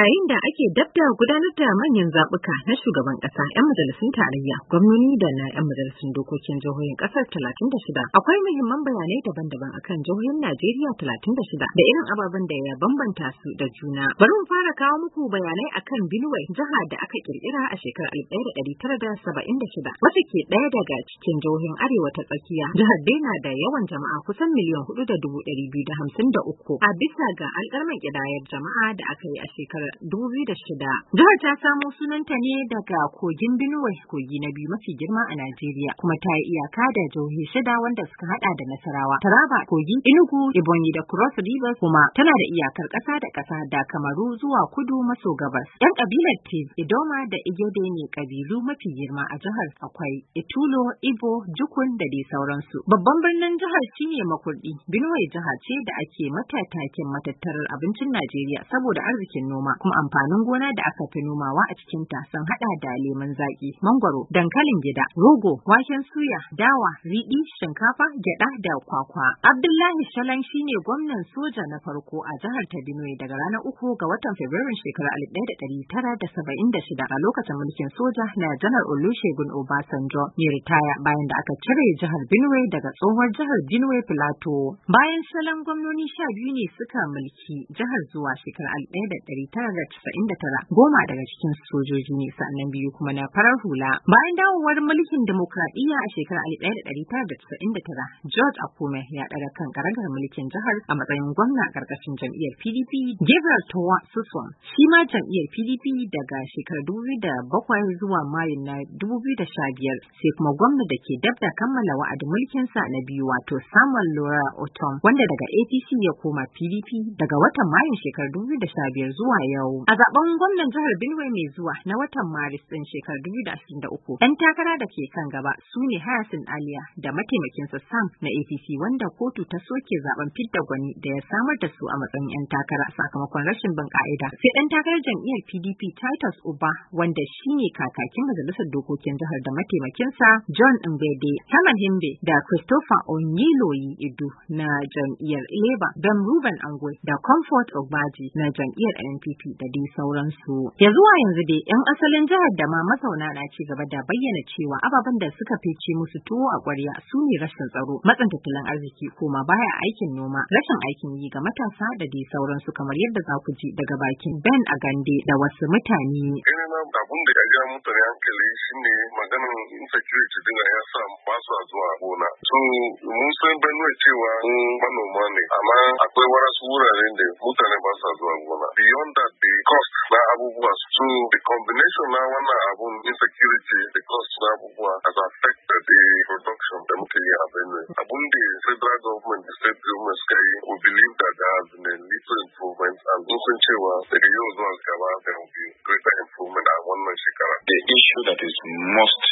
yayin da ake dabda gudanar da manyan zaɓuka na shugaban ƙasa 'yan majalisun tarayya gwamnoni da na 'yan majalisun dokokin jihohin ƙasar 36 akwai muhimman bayanai daban-daban akan jihohin najeriya 36 da irin ababen da ya bambanta su da juna bari mu fara kawo muku bayanai akan binuwai jiha da aka kirkira a shekarar 1976 wasu ke ɗaya daga cikin jihohin arewa ta tsakiya jihar na da yawan jama'a kusan miliyan hudu da dubu da hamsin da uku a bisa ga alƙalman ƙidayar jama'a da aka yi a shekarar 2006. Jihar ta samo sunanta ne daga kogin Benue, kogi na biyu mafi girma a Najeriya, kuma ta yi iyaka da jihohi shida wanda suka hada da Nasarawa, Taraba, kogi Inugu, Ebonyi da Cross Rivers kuma tana da iyakar ƙasa da ƙasa da Kamaru zuwa kudu maso gabas. Yan kabilar Tiv, Idoma da Igede ne kabilu mafi girma a jihar akwai Itulo, Ibo, Jukun da dai sauransu. Babban birnin jihar shine Makurdi. Benue jiha ce da ake mata matattarar abincin Najeriya saboda arzikin noma. kuma amfanin gona da aka fi nomawa a cikin ta sun hada da lemun zaki, mangoro, dankalin gida, rogo, waken suya, dawa, riɗi, shinkafa, gyaɗa da kwakwa. Abdullahi Shalan shine gwamnan soja na farko a jihar ta Benue daga ranar uku ga watan Fabrairu shekarar shida a lokacin mulkin soja na Janar Olusegun Obasanjo ya ritaya bayan da aka cire jihar Benue daga tsohuwar jihar Benue Plateau. Bayan Shalan gwamnoni sha biyu ne suka mulki jihar zuwa shekarar tara. 1999 goma daga cikin sojoji ne sannan biyu kuma na farar hula. Bayan dawowar mulkin demokradiyya a shekarar 1999 George Akume ya daga kan karagar mulkin jihar a matsayin gwamna a ƙarƙashin jam'iyyar PDP Gabriel Towa Suswan shi ma jam'iyyar PDP daga shekarar 2007 zuwa Mayu na 2015 sai kuma gwamna da ke dab da kammala wa'adin sa na biyu wato Samuel Lora Otom wanda daga APC ya koma PDP daga watan Mayu shekarar 2015 zuwa yau. A zaben gwamnan jihar Benue mai zuwa na watan Maris ɗin shekarar 2023, yan takara da ke kan gaba su ne Hayasin Aliya da mataimakinsa Sam na APC wanda kotu ta soke zaben fidda gwani da ya samar da su a matsayin 'yan takara sakamakon rashin bin ka'ida. Sai ɗan takarar jam'iyyar PDP Titus Uba wanda shi ne kakakin majalisar dokokin jihar da mataimakinsa John Mbede, Herman Himbe da Christopher Onyiloyi Idu na jam'iyyar Labour, Don Ruben Angwe da Comfort Ogbaji na jam'iyyar NPP titi da dai sauransu. Ya zuwa yanzu dai 'yan asalin jihar da ma mazauna na ci gaba da bayyana cewa ababen da suka fice musu tuwo a ƙwarya su ne rashin tsaro, matsin tattalin arziki ma baya aikin noma, rashin aikin yi ga matasa da dai sauransu kamar yadda za ku ji daga bakin Ben Agande da wasu mutane. abun da ya mutane hankali shine maganin insecurity dina ya sa ba su zuwa gona. So mun san cewa manoma ne amma akwai wasu wuraren da mutane ba su zuwa gona. Beyond that the cost na abubuwa so the combination na wannan Abu insecurity the cost na abubuwa has affected the production da muke yi a Abu abun federal government the state government suka we believe that there has been a little improvement and sun cewa daga yau zuwa gaba there will be greater improvement one wannan shekara the issue that is most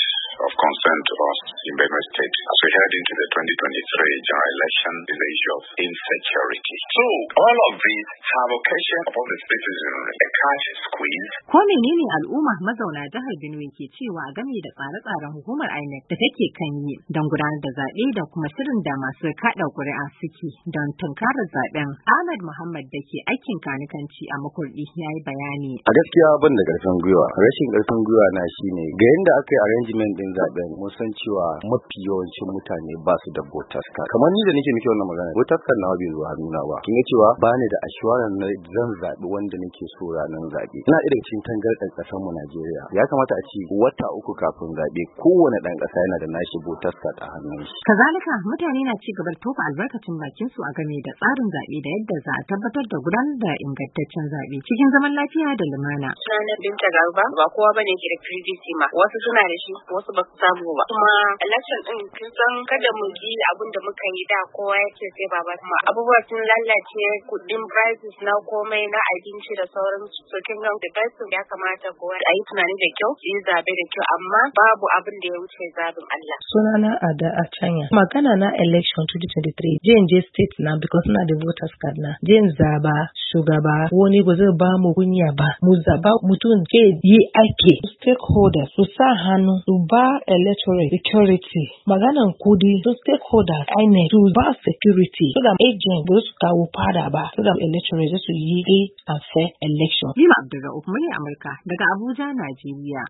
of concern to us in Benue State we head into the 2023 general election in the issue of insecurity. So, all of these have occasion upon the citizen a cash squeeze. Ko menene al'umma mazauna jihar Benue ke cewa game da tsare-tsaren hukumar INEC da take kan yi don gudanar da zaɓe da kuma shirin da masu kaɗa ƙuri'a suke don tunkarar zaɓen Ahmad Muhammad da ke aikin kanikanci a makurɗi ya yi bayani. A gaskiya ban da ƙarfin gwiwa, rashin ƙarfin gwiwa na shine ga yadda aka yi arrangement ɗin zaɓen mun san cewa mafi yawancin mutane ba su da voters card kamar ni da nake miki wannan magana voters card nawa bai zo hannuna ba kin cewa ba ni da assurance na zan zabi wanda nake so ranar zabe ina irin cikin tangardan kasar mu Najeriya ya kamata a ci wata uku kafin zabe kowane dan kasa yana da nashi voters card a hannun shi kazalika mutane na ci gaba da tofa albarkacin bakin su a game da tsarin zabe da yadda za a tabbatar da gudanar da ingantaccen zabe cikin zaman lafiya da lumana sunana binta garba ba kowa bane ke da privacy ma wasu suna da shi wasu ba su samu ba kuma election din kin san don kada mu ji abin da muka yi da kowa ya ce sai baba kuma abubuwa sun lalace kudin prices na komai na abinci da sauran su kin ga da ya kamata kowa a yi tunani da kyau yi zabe da kyau amma babu abin da ya wuce zabin Allah. Sunana Ada a canya magana na election 2023 JNJ state na because na da voters card na jin zaba shugaba wani ba zai ba mu kunya ba mu zaba mutum zai yi ake. stakeholders su sa hannu su ba electorate security maganan Kudi, to stakeholders, I INEC, to bar security, so that agents will kawo fada ba, so that electorate su yi and fair election. Lima Abdulrahman, Amurka, daga Abuja, Nigeria.